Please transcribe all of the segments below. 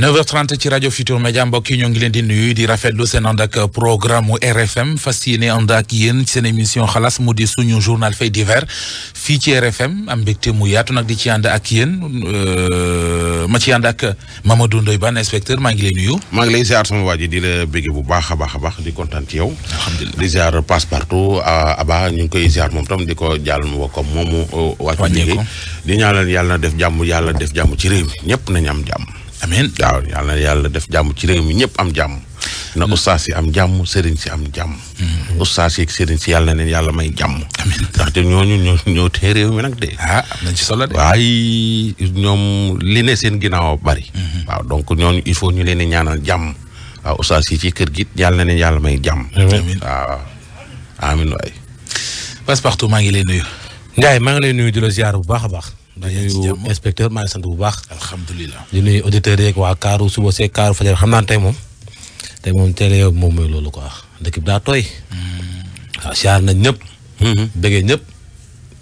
9h30 ci rajo Futur Media mbokk yi ñoo ngi leen di nuyu di rafetlu seen ànd ak programme mu RFM fas yéene ànd ak yéen seen émission xalaas mu di suñu journal fait divers fii ci RFM am mbégte mu yaatu nag di ci ànd ak yéen euh, ma ci ànd ak Mamadou Ndoye Bane inspecteur maa ngi lay nuyu. maa ngi lay ziar sama di la béggee bu baax a baax baax di kontaan ci yow. alhamdulilah di ziar passe partout Aba ñu ngi koy ziar moom tam di ko jàll mu comme moomu. Euh, wàññeeku di ñaanal yàlla def jàmm yàlla def jàmm ci réew mi ñëpp nañu am jàmm. waaw yal na yàlla def jàmm ci réew mi ñëpp am jàmm. na mm. ustaas yi am jàmm sëriñ si am jàmm. Mm. ustaas yi ak sëriñ si yàlla na leen yàlla may jàmm. amiin ndaxte ñooñu ñoo ñoo tee réew mi nag de. ah ci solo de. waaye ñoom li ne seen ginnaaw bari. Mm-hmm. waaw donc ñooñu il faut ñu leen ñaanal jàmm. waaw ci kër gi yàlla na yàlla may jàmm. amiin waaw maa ngi leen nuyu. Ndiaye maa ngi lay nuyu di la ziar bu baax a baax. di nuyu inspecteur maa sant bu baax. alhamdulilah di nuyu auditeurs yeeg waa Kaaru suba see Kaaru fajar xam naa tey moom. tey moom teel yow moom mooy loolu quoi dëkk bi daa tooy. Hmm. waaw siyaar nañ ñëpp. Hmm. bëggee ñëpp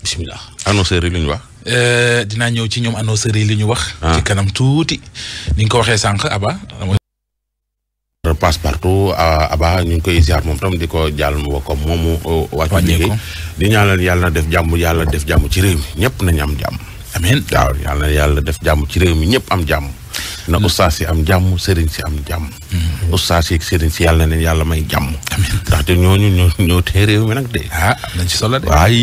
bisimilah. annonceurs yi li ñu wax. Euh, dinaa ñëw ci ñoom annonceurs yi li ñu wax. Ah. ci kanam tuuti ni nga ko waxee sànq Aba. passe partout Aba ñu ngi koy ziar moom tam di ko jàll mu wa ko moomu euh, wàccu liggéey di ñaanal yàlla na def jàmm yàlla def jàmm ci réew mi ñëpp nañu am jàmm. amiin waaw yàlla yàlla def jàmm ci réew mi ñëpp am jàmm. na mm. ustaas yi am jàmm sëriñ si am jàmm. Mm. ustaas yeeg sëriñ si yàlla na leen yàlla may jàmm. amiin ndaxte ñooñu ñoo ñoo tee réew mi nag de. ah nañ ci solo de. waaye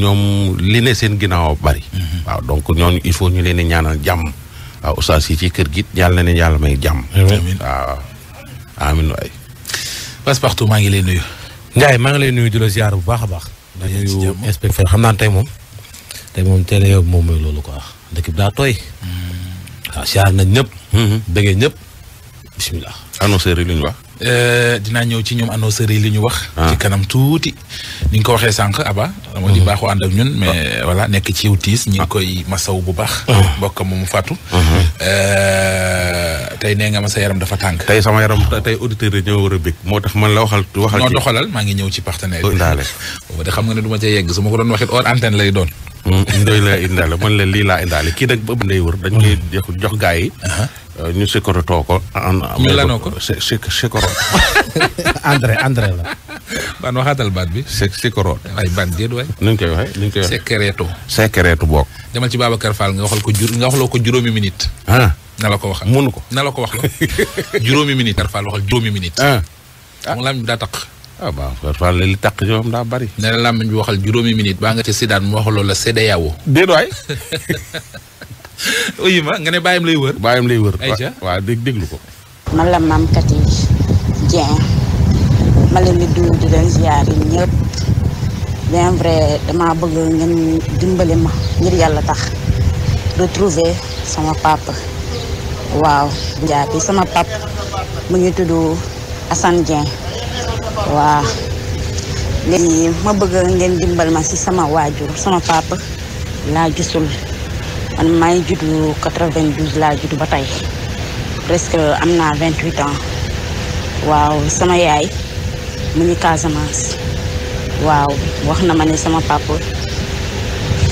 ñoom ne seen ginnaaw bari. Mm-hmm. waaw donc ñooñu il faut ñu leen di ñaanal jàmm. waaw ci kër gi yàlla na leen yàlla may jàmm. amiin waaw maa ngi lay nuyu. Ndiaye maa ngi lay nuyu di la ziar bu baax a baax. maa ngi lay xam naa tey moom. te moom teel a moom mooy loolu ko dëkk bi daa tooy. waaw siyaar nañ ñëpp. Mm-hmm. bëggee ñëpp bisimilah. annonceurs yi li ñu wax. Euh, dina ñëw ci ñoom annonceurs yi li ñu wax. Ah. ci kanam tuuti. ni nga ko waxee sànq Aba. moo di mm-hmm. baaxoo ànd ak ñun mais ah. nekk ci tiis ñi ngi ah. koy masaw bu baax. mbokk am mu fàttu. Mm-hmm. Euh, tey nee nga ma sa yaram dafa tàng. tey sama yaram tey auditeurs yi ñoo war a bég moo tax man la waxal. waxal ci maa ngi ñëw ci partenaire bi. ndaale. xam nga ne du ma ca yegg su ma ko doon waxit hors antenne lay doon. ndoy la indaale man la lii laa indaale kii nag ba nday wër dañ koy jox gaa yi euh, ñu sékorotoo ko ñu lanoo ko sékoroot André André la ban waxaatal baat bi sékoroot ay ban déet waay nuñ koy waxee nuñ koy waxee sékéreetu sékéreetu boog demal ci Babacar a nga waxal ko jur nga waxaloo ko juróomi minute ah na la ko waxal mënu ko na la ko wax la juróomi minute Babacar Fall waxal juróomi minute ah moom ah waaw li tàq ci moom daa bari. nee na làmmiñ bi waxal juróomi minute baa nga ci Zidane mu wax loolu la CEDEAO. déedéet waay. uyu ma nga ne bàyyam lay wër. bàyyam lay wër. ayca dégg déglu ko. man la maam Kati Dieng ma leen di dund di leen yi ñëpp bien vrai damaa bëgg ngeen dimbali ma ngir yàlla tax retrouver sama papa waaw. njaa bi sama papa mu ngi tudd Assane waaw léegi ma bëgg ngeen dimbal ma ci sama waajur sama papa laa gisul man maay juddu 92 laa juddu ba tey presque am naa 28 ans waaw sama yaay mu ngi Casamance waaw wax na ma ne sama papa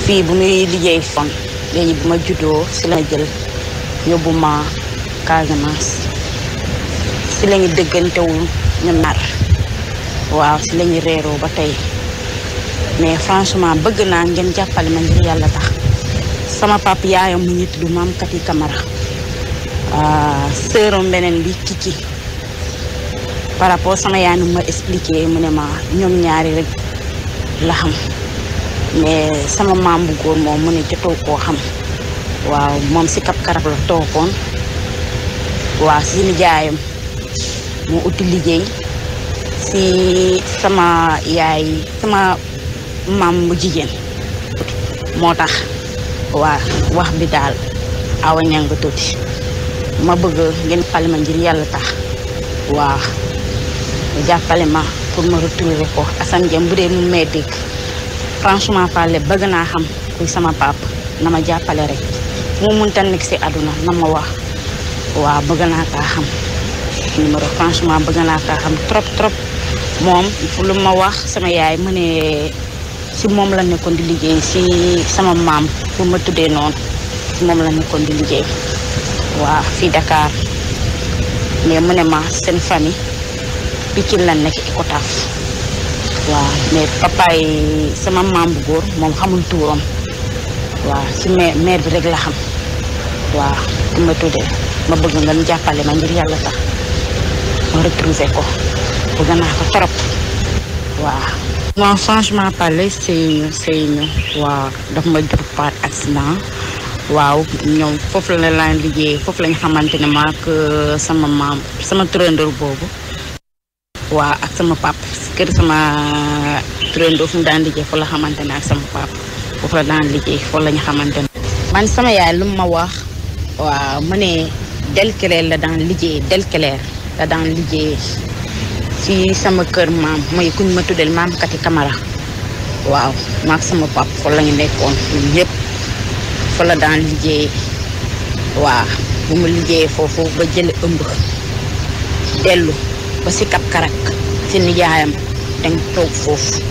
fii bu muy liggéey fon léegi bu ma juddoo ci la jël yóbbu ma Casamance ci la ñu dëggantewul ñu nar waaw si la ñu réeroo ba tey mais franchement bëgg naa ngeen jàppale ma ngir yàlla tax sama pap yaayam mu ngi tudd maam Kati Camara ah, sëram beneen bi Kiki par rapport sama yaay nu ma expliqué mu ne ma ñoom ñaari rekk la xam mais sama maam bu góor moom mu ne jotoo koo xam waaw moom si kap karab la toogoon waaw si nijaayam moo uti liggéey si sama yaay sama maam bu jigéen moo tax waa wax bi daal awa ñang tuuti ma bëgg ngeen fàlle ma ngir yàlla tax waa jàppale ma pour ma retrouver ko Assane Dieng bu dee mu may dégg franchement parler bëgg naa xam kuy sama pap na ma jàppale rek mu munta nekk si àdduna na ma wax waa bëgg naa kaa xam numéro franchement bëgg naa kaa xam trop trop moom lu ma wax sama yaay mu ne si moom la nekkoon di liggéey si sama maam bu ma tuddee noonu si moom la nekkoon di liggéey waaw fii dakaar mais mu ne ma seen famille Pikine la nekk Icotaf waaw mais papa sama maam bu góor moom xamul tuuram waaw si mère mère bi rek la xam waaw bu ma tuddee ma bëgg nga jàppale ma ngir yàlla tax ma retrouver ko bëgg naa ko trop waaw. moi franchement parler Seynou Seynou waaw daf ma jur par accident waaw ñoom foofu la laa liggéey foofu lañ xamante ne maak euh, sama maam sama turandoo boobu waaw ak sama pap kër sama turandoo fu mu daan liggéey foofu la xamante ne ak sama pap foofu la daan liggéey foofu la xamante ne. man sama yaay lu ma wax waaw mu ne Delclair la daan liggéey Delclair la daan liggéey. ci sama kër maam mooy kuñ ma tuddeel maam Kati Camara waaw maak sama pap fa la nekkoon ñun ñëpp fa la daan liggéeyee waaw bu mu liggéeyee foofu ba jële ëmb dellu ba si kap karak si nijaayam dañ toog foofu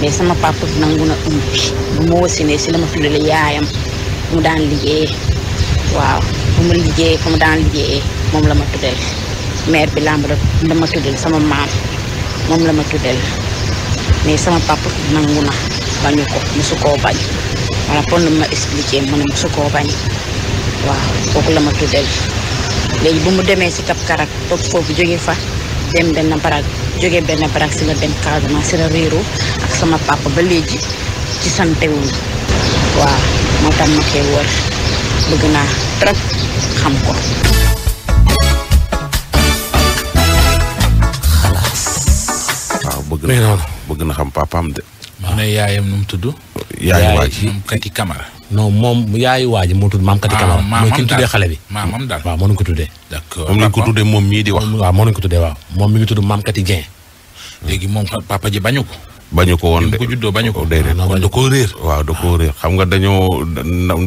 mais sama papa nangu na ëmb bi bu ma wasinee si la ma tuddale yaayam mu daan liggéeyee waaw bu mu liggéeyee fa mu daan liggéeyee moom la ma tuddale maire bi làmb rek ma tuddel sama maam moom la ma tuddel mais sama papa nangu na bañu ko musu koo bañ wala ma expliqué mu ne koo bañ waaw kooku la ma tuddel léegi bu mu demee si Cap Karak toog foofu jóge fa dem benn barak jóge benn barak si la dem Casamance si la réeru ak sama papa ba léegi ci santewuñ waaw moo tax ma koy wër bëgg naa trop xam ko mi ngi noonu. bëgg na xam papaam de. mu ne yaayam nu mu tudd. yaayu waaj yaay moom kati kamara. non moom yaayu waaj moo tudd maam kati kamara. Ah, maamam daal mooy xale bi. maamam daal waaw moo nañu ko tuddee. moom lañ ko tuddee moom mii di wax. waaw moo nañu ko tuddee waaw moom mi ngi tudd maam kati Dieng. papa ji bañu ko. bañu ko woon de ko juddoo bañu ko. Oh, déedéet ah, kon da koo réer. waaw da koo ah. réer xam nga dañoo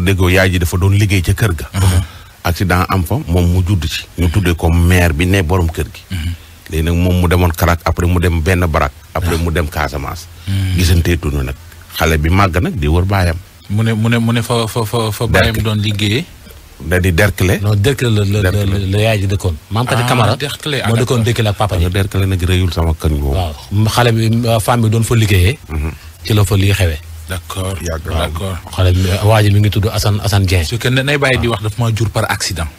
déggoo yaay ji dafa doon liggéey ca kër ga. Uh-huh. accident am fa moom mu judd ci. mu tuddee ko maire bi ne borom kër gi uh-huh. léegi nag moom mu demoon Karak après mu dem benn barak après ah. mu dem Casamance. Hmm. gisantee tunu nag xale bi màgg nag di wër baayam. mu ne mu ne mu ne fa fa fa fa baayam doon liggéeyee. da di Derklé. non Derklé la la la yaay ji dëkkoon. maam Kati ah, Camara moo dëkkoon Derklé ak papa euh, liggéeyee. Mhm. ci la fa lii d' accord yàgg bi euh, waa ji mi ngi tudd Assane Assane Dieng. su que nay bàyyi di wax daf maa jur par accident.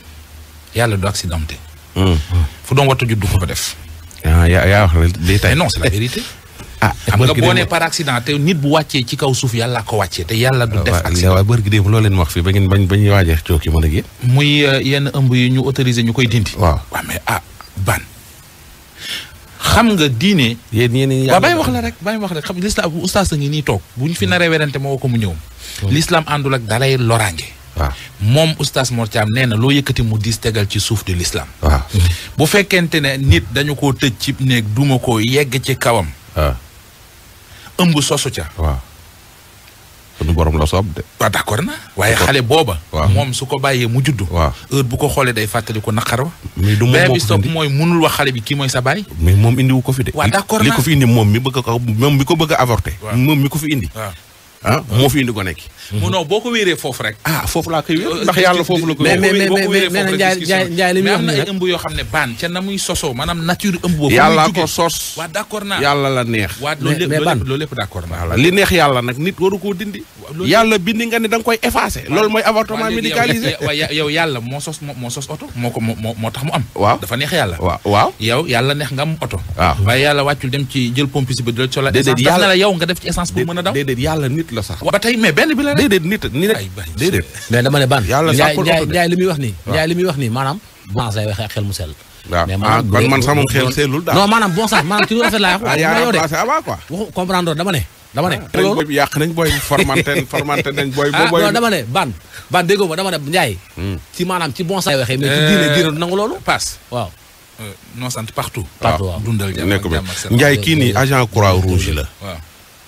yàlla du accidenté. fu doom warta judd ko fa def. ah yaa wax lii tey non c'est la vérité. ah xam nga boo nee par accident te nit bu wàccee ci kaw suuf yàlla ko wàccee te yàlla du def accident waaw bërki démb loo leen wax fii ba ngeen bañ bañ waajee coow ki mën a yéen muy euh, yenn ëmb yi ñu autorisé ñu koy dindi waaw waaw mais ah ban xam nga diine yéen ñeen waaw bay wax la rek bàyyi wax la rek xam l'islam ustaas a ngi nii toog bu ñu fi naree werante moo ko mu ñëw l'islam àndul ak dalay loraange waaw moom oustaz Mor Thiam nee na loo yëkkati mu diis tegal ci suuf de lislaam waaw bu fekkente ne nit dañu ko tëj ci néeg duma ko yegg ci kawam. waaw ëmb sosu ca. waaw suñu borom la soob de. waaw d'accord na waaye xale booba. moom su ko bàyyee mu juddu. waaw heure bu ko xoolee day fàttali ko naqar wa. mais bi moom mooy munul wax xale bi kii mooy sa baay. mais moom indiwu ko fi de. waaw d'accord na li ko fi indi moom mi bëgg ko moom mi ko bëgg a avorter. moom mi ko fi indi. ah moo fi indi gone ki. Mhm. non boo ko wéeree foofu rek. ah foofu laa koy wéer euh, ndax yàlla foofu la ko. yàlla la neex. mais mais d' waaye yàlla wàccul dem ci jël pompis bi dal ci la essence daf la yow nga def ci essence pour mën a daw déedéet yàlla nit nit la sax. ba tey mais benn bi la rek. déedéet nit ni rek déedéet. mais dama ne ban. yàlla sàkkul oto de Ndiaye li muy wax nii. Ndiaye li muy wax nii maanaam. bon sens lay waxee ak xel mu sell. waaw ah kon man sax moom xel sellul daal. non maanaam bon sens maanaam ci lu rafet laa wax. ah yaa ngi passé avant quoi. waxu comprendre dama ne. dama ne ah, te loolu yàq nañ booy formanté formanté nañ booy. ah non dama ne ban ban déggoo ma dama ne Ndiaye. Hmm. ci maanaam ci bon sens lay waxee mais ci diine diine eh. nangu loolu passe waaw. Euh, non sant partout. partout ah, waaw dundal jàmm ak jàmm ak Ndiaye kii nii agent croix rouge la. waaw.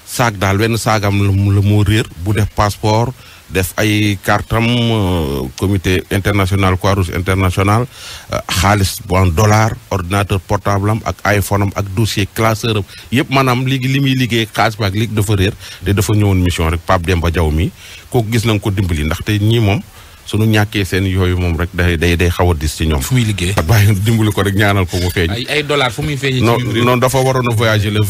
saag daal wenn saagam la mu la moo réer bu def passeport def ay kartam euh, comité international Croix-Rouge international euh, xaalis bu en dollar ordinateur portable am ak iPhone am ak dossier classeur am yëpp maanaam léegi li muy liggéey xaalis ba ak léegi dafa réer te dafa ñëwoon mission rek Pape Demba Diaw mi ko gis nañ ko dimbali ndaxte ñii moom suñu ñàkkee seen yooyu moom rek day day day xaw a dis ci ñoom. fu muy liggéey waaye dimbali ko rek ñaanal ko mu feeñ. ay ay dollars fu muy feeñee. ci non non dafa waroon voyager le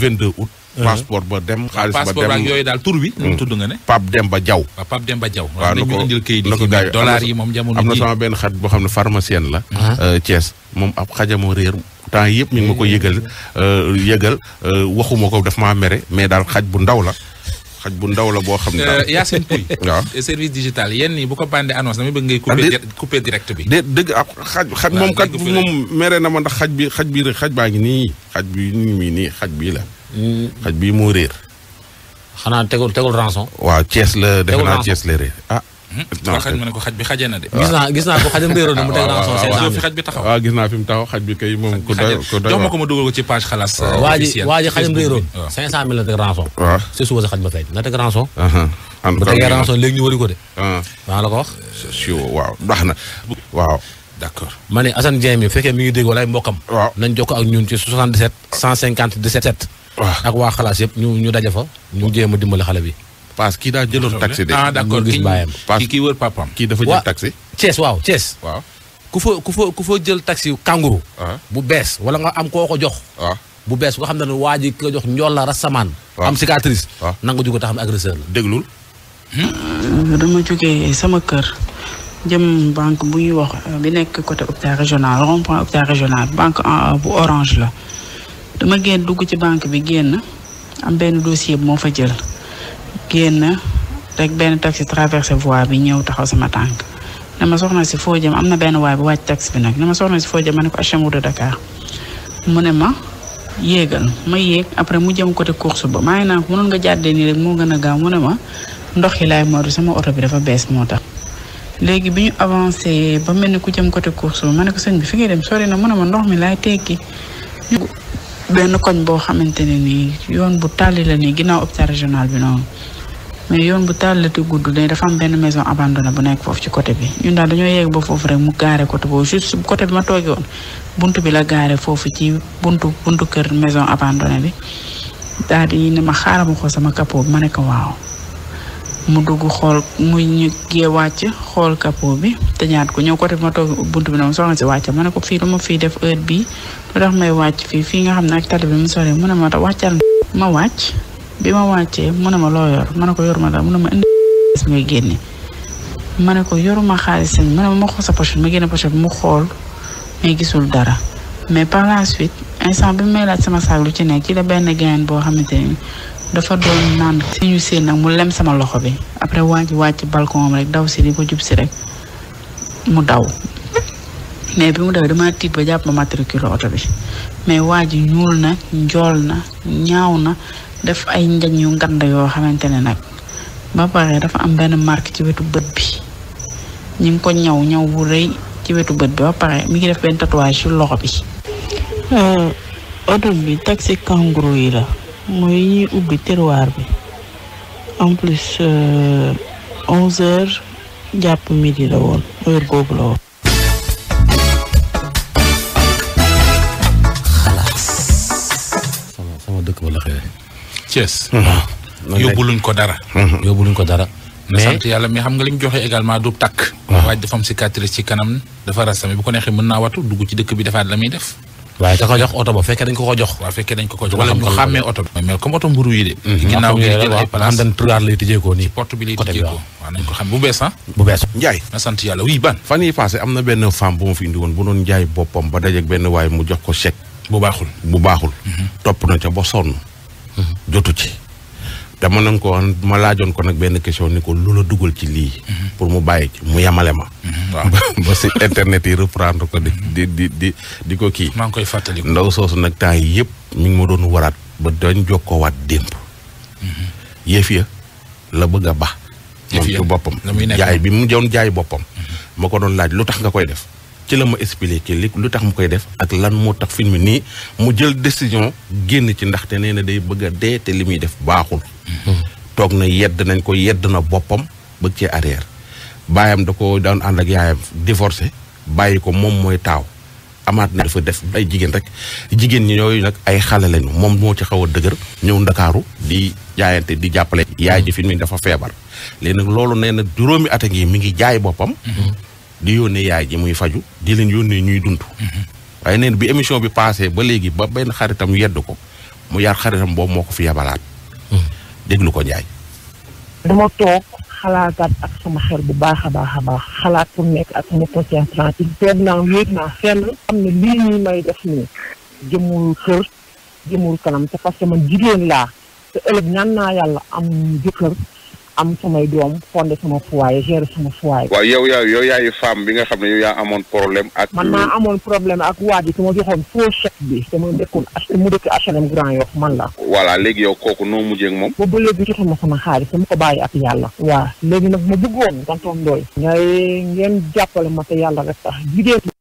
Euh. passeport ba dem. xaalis ba dem passeport ak yooyu daal tur bi. nu mu tudd nga ne. Pape Demba Diaw. waaw ah, Pape Demba Diaw. waaw na ko na ko gars yi dollars yi moom jamono ji am na sama benn xarit boo xam ne pharmacienne la. Ah. Euh, Thiès moom ab xajamoo réer. temps yëpp mi ngi ma ko eh. yëgal euh, yëgal waxuma ko daf maa mere mais daal xaj bu ndaw la. xaj bu ndaw la boo xam ne daal. Yacine Pouy. waaw service yenn yi bu ko bande annonce dama bëgg ngay. coupé coupé direct bi. de dëgg ak ah, xaj xaj moom mere na ma ndax xaj bi xaj bi rek xaj baa ngi nii xaj bi nii nii xaj bii la. Hmm. xaj bii moo réer. xanaa tegul tegul rançon. waaw Thiès la defe naa Thiès la réer ah. non hmm? xaj ma ne ko xaj bi xajee na de. gis naa ko xajam réeroon na mu teg ah, rançon. xaj bi taxaw waaw ah, gis naa mu taxaw xaj bi kay moom. jox ma ko ma dugal ko ci page xalaas. Ah. Euh, waa ji waa ji xajam réeroon. waaw 500000 la teg rançon. waaw si suba sa xaj ba tey na teg rançon. am na bu tegee rançon léegi ko de. maa la ko wax. waaw na waaw. d' accord ma ne Assane Dieng mi bu dégg wala ay mbokkam. nañ jokkoo ak ñun ci 77. 150 17. Ah. ak waa xalaas yëpp ñu ñu daje fa. ñu jéem dimbali xale bi. parce que kii daa jëloon taxi de. ah d'accord gis bàyyam parce que kii wër dafa jël taxi. Thiès waaw cees waaw ku fa ku foo ku foo jël taxi kanguru. Ah. bu bees wala nga am koo ko jox. Ah. bu bees nga xam ne waa ji ko jox njool la rasamaan. am cicatrice. waaw nangu ju ko tax am agresseur la. déglul. Hmm? dama jógee sama kër. jëm banque bu ñuy wax bi nekk côté hôpital régional rond point hôpital régional banque bu orange la. dama génn dugg ci banque bi génn am benn dossier bu moo fa jël génn rek benn taxi traversé voie bi ñëw taxaw sama tànk dama ma soxna si foo jëm am na benn waay bu wàcc taxi bi nag ne ma soxna si foo jëm ma ne ko HMO de Dakar mu ne ma yéegal ma yéeg après mu jëm côté course ba maa ngi naan ko mënoon nga jàddee nii rek moo gën a gaaw ne ma ndox yi laay moodu sama oto bi dafa bees moo tax. léegi bi ñu avancé ba mel ni ku jëm côté course ba ma ne ko sëñ bi fi ngay dem sori na mu ne ma ndox mi laay teggi benn koñ boo xamante ne nii yoon bu tàlli la nii ginnaaw hôpital régional bi noonu mais yoon bu tàlli la te gudd la dafa am benn maison abandonnée bu nekk foofu ci côté bi ñun daal dañoo yegg ba foofu rek mu gaare côté boobu juste côté bi ma toogee woon buntu bi la gaare foofu ci buntu buntu kër maison abandonnée bi daal di ne ma xaaral ma xool sama capot bi ma ne ko waaw. mu dugg xool mu ñu gee wàcc xool kapo bi te ñaat ko ñëw côté bi ma toog buntu bi nag soxna si wàcc ma ne ko fii lu ma fii def heure bii lu tax may wàcc fii fii nga xam ne ak tali bi mu sori mu ne ma tax wàcc bi ma wàccee mu ne ma loo yor ma ko yor ma dara mu ma indi ngay génne ma ne ko yoruma xaalis sañ ma ne ma xool sa poche ma génne poche bi mu xool may gisul dara mais par la suite instant bi may laaj sama saag lu ci nekk ci la benn gain boo xamante ni dafa doon naan suñu seen nag mu lem sama loxo bi après wàcc wàcc balcon am rek daw si di ko jub rek mu daw mais bi mu dawee dama tiit ba jàpp ma matricule oto bi mais waa ji ñuul na njool na ñaaw na def ay njañ yu yoo xamante ne nag ba dafa am benn marque ci wetu bët bi ñu ngi ko ñaw ñaw bu rëy ci wetu bët bi ba pare mi ngi def benn tatouage ci loxo bi. Euh, oto bi taxi kangourou yi la. mooy ñuy ubbi tiroir bi en plus euh, onze heures jàpp midi la woon heure boobu la woon. sama sama dëkk ba la xewee. Thiès. yóbbuluñ ko dara. yóbbuluñ ko dara. mais sant yàlla mais xam nga li ñu joxe également du takk. waaj dafa si cicatrice ci kanam dafa rasame bu ko neexee mën naa watu dugg ci dëkk bi defaat la muy def. waaye te ko jox oto ba fekkee dañ ko ko jox waaw fekkee dañ ko ko jox wala ñu xàmmee oto bi mais comme oto mburu yi de mhm. ginnaaw ko nii ko waaw nañ ko xam bu bees ah bu bees njaay na sant yàlla oui ban fan yi passé am na benn femme bu ma fi indi woon bu noon jaay boppam ba dajeeg benn waaye mu jox ko chèque bu baaxul bu baaxul mhm. topp na ca ba sonn mhm. jotu ci dama nañ ko ma laajoon ko nag benn question ni ko lu la dugal ci lii. Mhm. pour mu bàyyi ci mu yamale ma. waaw mhm. ba si internet yi reprendre ko di di di di ko kii. maa ngi koy fàttali ndaw soosu nag temps yi yëpp mi ngi ma doon waraat ba dañ jokkoowaat démb. Mhm. yëf ya la bëgg a ba. moom ci boppam jaay bi mu doon jaay boppam. ma ko doon laaj lu tax nga koy def. ci la ma expliqué li lu tax mu koy def ak lan moo tax film mi nii mu jël décision génn ci ndaxte nee na day bëgg a dee te li muy def baaxul. toog na yedd nañ ko yedd na boppam bëgg ci arrière. baayam da ko daan ànd ak yaayam divorcé bàyyi ko moom mooy taaw amaat na dafa def ay jigéen rek jigéen ñi yooyu nag ay xale lañu moom moo ci xaw a dëgër ñëw ndakaaru di jaayante di jàppale. yaay ji film mi dafa feebar. léegi nag loolu nee na juróomi at a ngi mi ngi jaay boppam. di yónnee yaay ji muy faju di leen yónnee ñuy dund. waaye neen bi émission bi passé ba léegi ba benn xaritam yedd ko mu yar xaritam boobu moo ko fi yabalaat. déglu ko Ndiaye. dama toog xalaataat ak sama xel bu baax a baax a baax xalaat pour nekk ak sama conscience tranquille feeb naa wéet naa fenn am na lii ñuy may def nii jëmul kër jëmul kanam te parce man jigéen laa te ëllëg ñaan naa yàlla am jëkkër am samay doom fondé sama foyer gérer sama foyer. waaw yow yaa yow yaayu femme bi nga xam ne yow yaa amoon problème ak. man maa amoon problème ak waa ji ku ma joxoon faux chèque bi. dama dëkkoon mu dëkk ak HLM Grand Yoff man la. voilà léegi yow kooku noo mujjee ak moom. ba ba léegi joxoon ma sama xaalis dama ko bàyyi ak yàlla. waaw léegi nag ma bëggoon tonton Ndoye. ngay ngeen jàppale ma te yàlla rek tax jigéen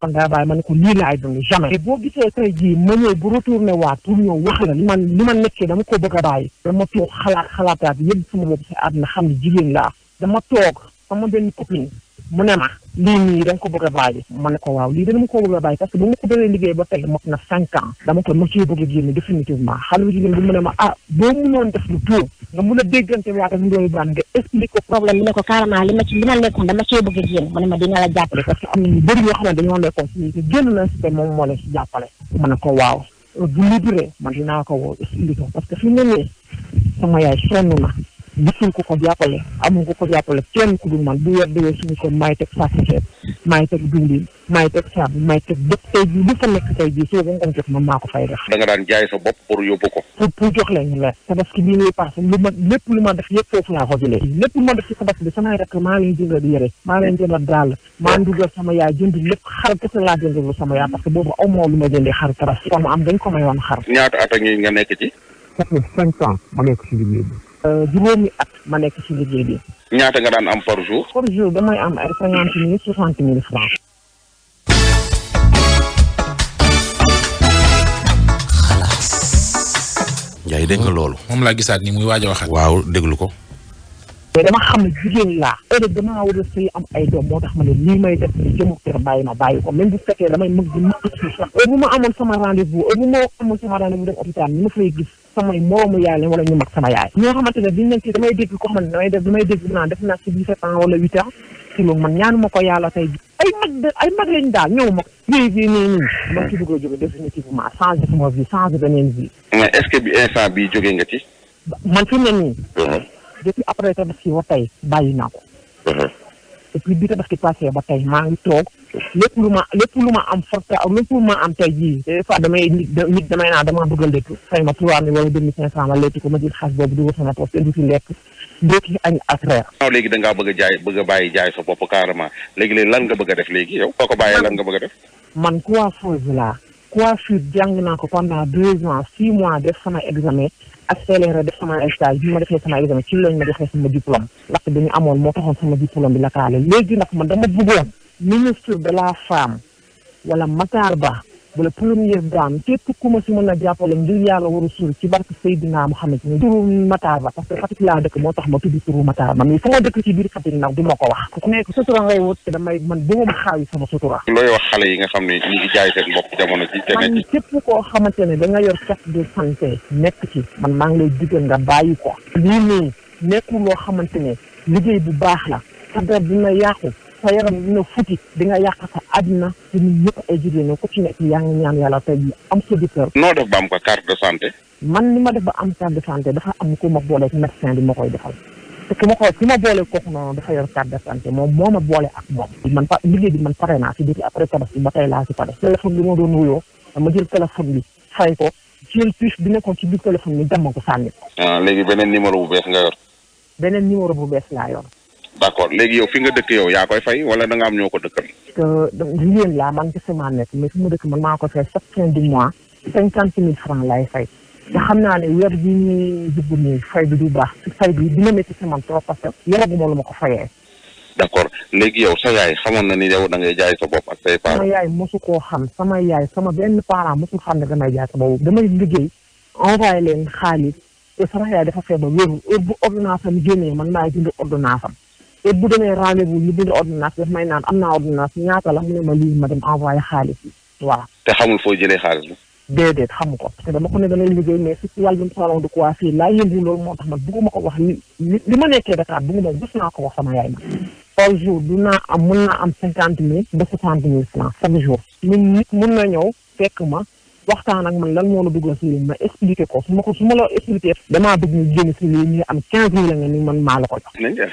kon daa bàyyi ma ko lii laay dund jamais te boo gisee tey jii ma ñëw bu retourné waat pour ñëw wax la li man li ma nekkee dama ko bëgg a bàyyi dama toog xalaat xalaataat yëpp suma bopp si àdduna xam ne jigéen laa dama toog sama benn copine mu ne ma lii nii da nga ko bëgg a bàyyi ma ko waaw lii dana ma ko bëgg a bàyyi parce que bu ma ko doonee liggéey ba tey mot ko ma cee bëgg a génne définitivement ma ah boo munoon nga mun a déggante mu ne ko carrément li ma a génn mu ne ma dina la jàppale parce que am na ñu bëri yoo xam ne ma ne ko waaw bu libéré man dinaa ko ko parce que fi mu ne nii sama yaay sonn na gisul ko ko jàppale kenn ku dul man bu weer dewee suñu ko maay teg saako ceeb maay lu def. da sa bopp pour yóbbu ko. pour ma lépp lu ma def yëpp foofu laa ko jëlee. lépp lu ma def ci tabaski bi samay rakk maa leen jëndal yére maa leen jëndal dàll maa ndugal sama yaay jënd lépp xar kese laa jëndal sama yaay parce que boobu aw ma lu ma jëndee xar tabaski. kon am dañ ko mayoon xar. ñaata at a ngi nga nekk ci. ça cinq ans ma nekk ci liggéey bi Euh, juróomi at ma nekk ci liggéey bi. ñaata nga daan am par jour. par jour damay am ay cinquante mille soixante mille francs. Njaay dégg nga loolu. moom laa gisaat ni muy waaj a waxaat. waaw déglu ko. mais dama xam ne jigéen laa. heure damaa war a sëy am ay doom moo tax ma ne lii may def ni jëmu kër bàyyi ma bàyyi ko même bu fekkee damay mag di maq si sax. heure ma amoon sama rendez vous heure bu ma amoon sama rendez vous hôpital ni ma fay gis. samay moomu yaay lañ wala ñu mag sama yaay ñoo xamante ne biñ nekk ci damay dégg koo xam damay def damay dégg naa def naa ci dix-sept ans wala huit ans ci loolu man ñaanu ko yàlla tey ay mag ay mag lañ daal ñëw ma yooyu fii nii nii man ci bëgg a jóge définitivement changé sama vie changé beneen vie mais est-ce que bi instant bi jógee nga ci man fi mu ne nii uh-huh. depuis après tabaski wa tey bàyyi naa ko uh-huh. depuis bi ko def ci passé ba tey maa ngi toog lépp lu ma lépp lu ma am forta lépp lu ma am tey jii des fois damay nit damay naa damaa bëgg a lekk fay ma trois mille wala deux mille cinq cent ma lekk ko ma jël xaalis boobu dugal sama poche te du ci lekk ndékki añ ak reer léegi da ngaa bëgg a jaay bëgg a bàyyi jaay sa bopp carrément léegi léegi lan nga bëgg a def léegi yow soo ko bàyyee lan nga bëgg a def man coiffeuse laa coiffure jàng naa ko pendant deux ans six mois def sama examen accéléré def sama stage bi ma defee sama examen ci lañ ma defee sama diplôme ndaxte dañu amoon moo taxoon sama diplôme bi la kaale léegi nag man dama bëggoon ministre de la femme wala Matar Ba wala première dame képp ku ma si mën a jàppale ngir a suur ci barke Seydina Mouhamed ni turu Mataba du ma ko wax nekk sutura ngay wut te damay man bu xaawi sama sutura looy wax xale yi nga xam ne ñu ngi jaay seen bopp man képp koo xamante ne da nga yor carte de santé nekk ci man maa ngi lay digal nga bàyyi ko lii nii nekkul loo xamante ne liggéey bu baax la sa dara dina yàqu sa yaram dina futi di nga yàq sa àddina te ay jigéen ñi ku ci nekk yaa ngi ñaan yàlla am sa docteur. noo def ko man ni ma def ba am carte de santé dafa am ku ma booleeg médecin bi ma koy defal. ma ko ki ma boole dafa yor carte de santé boole ak moom. man pa liggéey bi man pare naa si depuis après tabaski ma doon wuyoo ma bi fay ko jël puce bi ci biir téléphone bi dem ma ko sànni. ah léegi beneen numéro bu bees nga yor. beneen numéro bu bees laa yor. d'accord léegi yow fi nga dëkk yow yaa koy fay wala da nga am ñoo ko dëkkal. jigéen laa man ci sama nekk mais fi ma dëkk man maa ko fay chaque cinquante mille francs laay fay. te xam naa ne weer bi ñuy jubbu nii fay bi du baax fay bi dina métti ci man parce que yoraguma lu ma ko fayee. d'accord léegi yow sa yaay na ni yow da ngay jaay sa yaay mosu koo xam sama yaay sama benn parent mosul xam ne damay jaay sa bopp damay liggéey envoyé leen xaalis te sama yaay dafa feebar wéru heure bu ordonnance man maay dindi ordonnance et bu demee rendez-vous bi bind ordonnance daf may naan am naa ordonnance ñaata la mu ne ma lii ma dem envoyé xaalis yi voilà. te xamul foo jëlee xaalis bi. déedéet xamu ko parce que dama ko ne damay liggéey mais si wàllum salon de coiffure laa yëngu loolu moo tax man bëgguma ko wax li li ma nekkee Dakar bëgguma gis naa ko wax sama yaay ma. par jour dinaa am mën naa am cinquante mille ba soixante mille francs chaque jour. ñun nit mën na ñëw fekk ma. waxtaan ak man lan moo la dugg si lii ma expliqué ko su ma ko ma la expliqué damaa bëgg ñu génn si lii ñu am quinze mille nga ni man maa la ko jox nañ def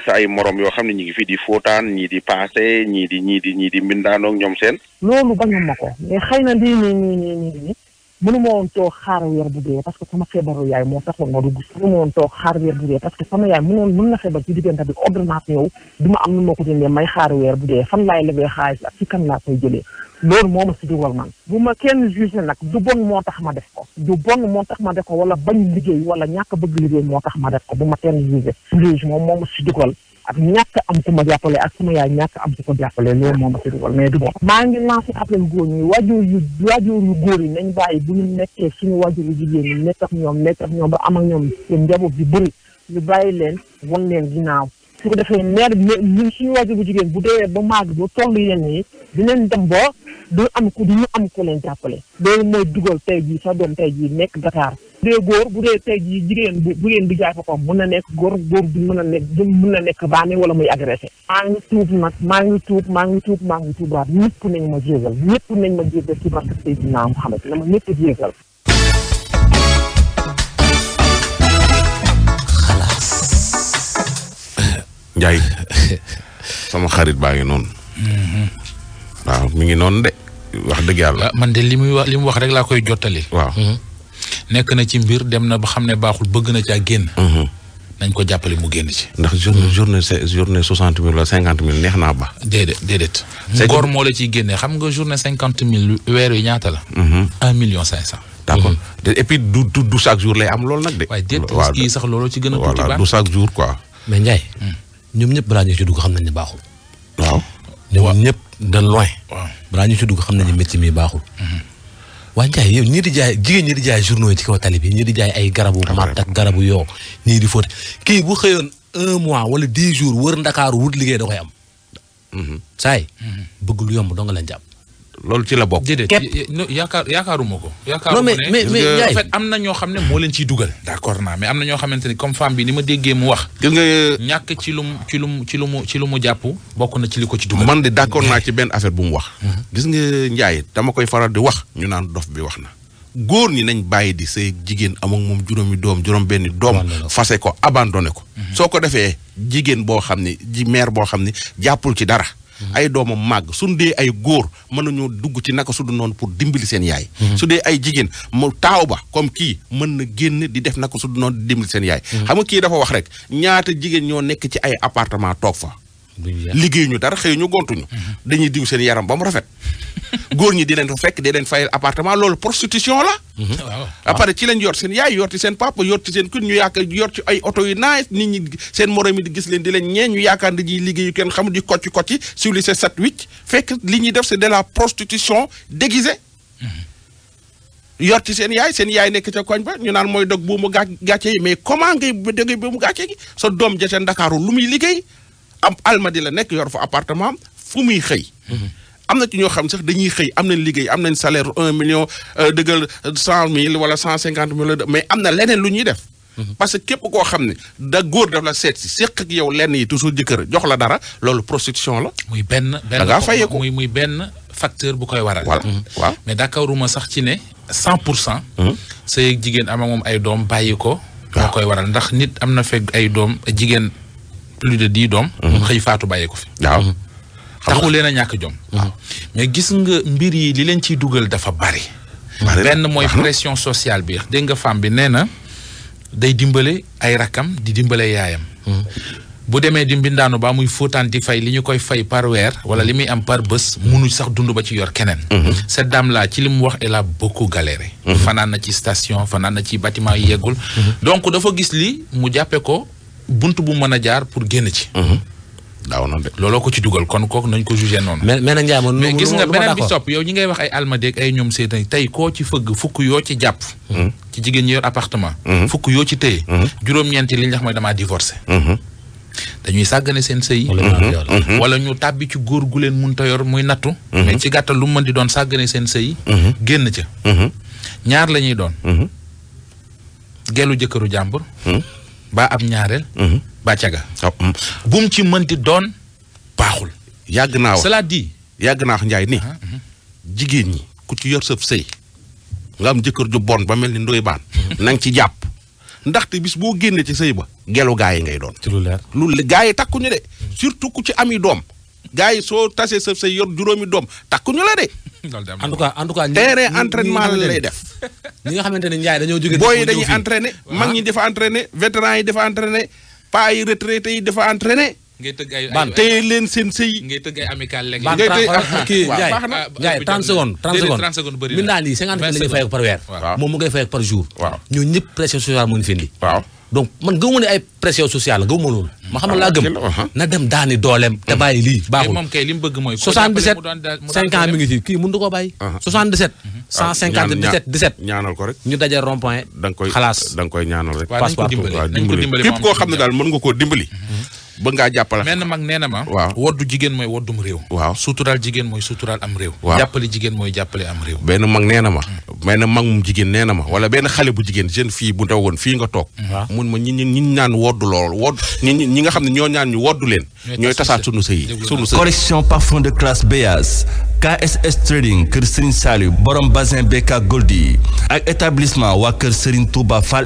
xam ne ñi ngi di fóotaan ñii di passé ñii di ñii di ñii di mbindaanoog ñoom seen loolu bañu ma ko mais na lii nii mënu toog xaar weer bu dee parce que sama feebaru yaay moo taxoon ma dugg mënu ma toog xaar weer bu dee parce que sama yaay mënoon mën na feebar ci diggante bi ordonnance ñëw du ma am may xaar weer bu dee fan laay lebee xaalis ak ci kan laa koy jëlee loolu moo ma si dugal man bu ma kenn jugé nag du bon moo tax ma def ko du bon moo tax ma def ko wala bañ liggéey wala ñàkk bëgg liggéey moo tax ma def ko bu ma kenn jugé juge moom moo ma si dugal ak ñàkk am ku ma jàppale ak suma yaay ñàkk am ku ko jàppale loolu moom ma si dugal maa ngi lancé appel góor ñi wajur yu wajur yu góor yi nañ bàyyi bu ñu nekkee suñu wajur yu jigéen ñi nekk ak ñoom nekk ak ñoom ba am ak ñoom seen njaboot bi bëri ñu bàyyi leen wan leen ginnaaw su ko defee mère suñu wajur bu jigéen bu dee ba màgg ba toll yenn yi dinañ dem boo du am ku duñu am ku leen jàppale loolu mooy dugal tey jii sa doom tey jii nekk Dakar bu dee góor bu dee tey jii jigéen bu jigéen bi jaay boppam mun na nekk góor góor bi a du mun na nekk baane wala muy agressé maa ngi tuub nag maa ngi tuub maa ngi tuub maa ngi tuubaat ñëpp nañ ma jégal ñëpp nañ ma jégal ci barke Seydina Muhammad na ma ñëpp jégal Njaay sama xarit baa ngi noonu mm-hmm. waaw mi ngi noonu de wax dëgg yàlla. Ah, man de li muy wax li mu wax rek laa koy jottali. waaw mhm. nekk na ci mbir dem na ba xam ne baaxul bëgg na ci caa génn. dañ mhm. ko jàppale mu génn ci. ndax mhm. journée journée journée soixante mille wala cinquante mille neex naa ba. déedéet déedéet. góor moo la ciy génne xam nga journée cinquante mille weer wi ñaata la. un million cinq cent. d' accord et puis du du du chaque jour lay am loolu nag de. waaye déet kii sax loolu ci gën a tuuti ba. voilà du chaque jour quoi. mais Ndiaye. ñoom ñëpp balaa ñu ci dugg xam nañ ne baaxul. ñoom ñëpp de loin. waaw balaa ñu ci dugg xam nañu métier mi baaxul. Mm-hmm. waa Ndiaye yow ñu di jaay jigéen ñi di jaay journaux yi ci kaw tali bi ñu di jaay ay garabu matt ak garabu yoo ñii di fóot kii bu xëyoon un mois wala dix jours wër Ndakaaru wut liggéey da koy am. Mm-hmm. saay mm-hmm. bëgg lu yomb dong nga leen jàpp. loolu ci la bokk. déedéet yaakaar yaakaaruma ko. yaakaaruma ne non mais mais am na ñoo xam ne moo leen ciy dugal. d'accord naa mais am na ñoo xamante ni comme femme bi ni ma déggee mu wax. gis nga ñàkk ci lu mu ci lu mu ci lu mu ci lu mu jàpp. bokk na ci li ko ci dugal. man de d'accord naa ci benn affaire bu mu wax. Mhm. gis nga Ndiaye dama koy faral di wax. ñu naan dof bi wax na. góor ni nañ bàyyi di say jigéen amoon moom juróomi doom juróom benni doom fase ko abandonné ko. Mhm. soo ko defee jigéen boo xam ne ji boo xam ne jàppul ci dara. ay doomam màgg suñ dee ay góor mën na nañoo dugg ci naka su du noonu pour dimbali seen yaay mhm. su dee ay jigéen mu taaw ba comme kii mën na génn di def naka su du noonu di dimbali seen yaay mhm. xam nga kii dafa wax rek ñaata jigéen ñoo nekk ci ay appartement toog fa liggéey ñu dara xëy ñu gontuñu mm-hmm. dañuy diw seen yaram ba mu rafet góor ñi di leen fa fekk de leen fayal appartement loolu prostitution la mm-hmm. après ci leen yor seen yaay yor seen papa yor seen kun ñu yaakaar yor ci ay oto yu naaj nit seen moroom yi di gis leen di leen ñee ñu yaakaar dañuy liggéey kenn xamul di kocc kocc sur li sept huit fekk li ñuy def c'est de la prostitution déguisée mm-hmm. yor seen yaay seen yaay nekk ca koñ ba ñu naan mooy dog buumu gàcce yi mais comment ngay dogee buumu gàcce gi sa doom ja ca Ndakaaru lu muy liggéey am almadi la nekk yor fa appartement fu muy xëy. Mm-hmm. am na ci ñoo xam sax dañuy xëy am nañ liggéey am nañ salaire un million euh, dëggal cent mille wala cent cinquante mille mais am na leneen lu ñuy def. Mm-hmm. parce que képp koo xam ne da góor daf la seet si seq ak yow lenn yi toujours jëkkër jox la dara loolu prostitution la. muy benn benn da ngaa fayee ko muy benn facteur bu koy waral. voilà mm-hmm. waaw mais d'accorduma sax ci ne. cent pour cent. sa yëg jigéen am moom ay doom bàyyi ko. koy waral ndax nit am na fekk ay doom jigéen. plus de dix doom. Mhm. xëy faatu bàyyee ko fi. waaw mhm. leen a ñàkk jom. Mhm. waaw mais gis nga mbir yi li leen ciy dugal dafa bari. benn mooy pression sociale bi dégg nga femme bi nee na day dimbale ay rakam di dimbale yaayam. bu demee di mbindaanu ba muy fóotaan di fay li ñu koy fay par weer wala li muy am par bés munu sax dund ba ci yor keneen cette dame là ci li mu wax elle a beaucoup galéré fanaan na ci station fanaan na ci batiment yi yeggul donc dafa gis li mu jàppe ko bunt bu mën a jaar pour génn ci. Mhm. daaw na looloo ko ci dugal kon kooku nañ ko jugé noonu. mais mais nag Ndiaye man gis nga beneen bi sopp yow ñi ngay wax ay almadeeg ay ñoom seen tey koo ci fëgg fukk yoo ci jàpp. Mhm. ci jigéen ñi yor appartement. Mhm. fukk yoo ci téye. juróom-ñeenti li ñu wax mooy damaa divorcé. dañuy sàggane seen sëy wala ñu tàbbi ci góor gu leen munta yor muy nattu. mais ci gàttal lu mu mën di doon sàggane seen sëy génn ca. ñaar la ñuy doon. gelu jëkkëru jàmbur. baa am ñaareel. Mhm. ba caga. Oh, mm. bu mu ci mënti doon baaxul. yàgg naa wax cela yàgg naa wax njaay ni ah, mhm. jigéen ñi ku ci yor sëf sëy nga am jëkkër ju bon ba mel ni ndoy baan. na nga ci jàpp ndaxte bis boo génnee ci sëy ba. gelu gaa yi ngay doon. ci lu leer lu gaa yi takkuñu de surtout ku ci ami doom. gaa yi soo tasee sëf sëy yor juróomi doom takkuñu la de. en tout cas lay def. ñi nga xamante ne Ndiaye dañoo jógee. booy yi dañuy ah. mag ñi dafa entraîné vétéran yi dafa entraîné paa yi retraité yi dafa entraîné. ngay tëgg ay ban seen sëy. ngay tëgg ay par weer. moom mu ngay fay ak par jour. waaw ñëpp pression sociale moo ñu fi indi. donc man gëmuma ne ay pression sociale la gëmuma loolu. ma xamal laa gëm ah, ah. na dem daani dooleem. te hmm. lii baaxul moom kay li mu mooy. 77 50 mi ngi ci kii mënut ko bàyyi. 77. ah 157 ah. 17 mhm. ñaanal ko rek. ñu daje rond point. da nga koy xalaas da nga koy ñaanal rek. waaw nañ ko koo xam ne daal mën nga koo dimbali. Mhm. bëgg ngaa jàppale. menn mag nee na ma. waaw woddu jigéen mooy woddum réew. waaw suturaal jigéen mooy suturaal am réew. waaw jàppale jigéen mooy jàppale am réew. benn mag nee ma. Mm. benn mag mu jigéen nee ma wala benn xale bu jigéen jeune fille bu ndaw woon fii nga toog. Mm. mun ma ñi ñi ñi woddu lool wodd ñi ñi nga xam ne ñoo ñaan ñu woddu leen. ñooy tasaat sunu sa yi sunu sëy. collection parfum de classe Béas KSS trading kër Serigne Saliou borom bazin BK Goldi ak établissement waa kër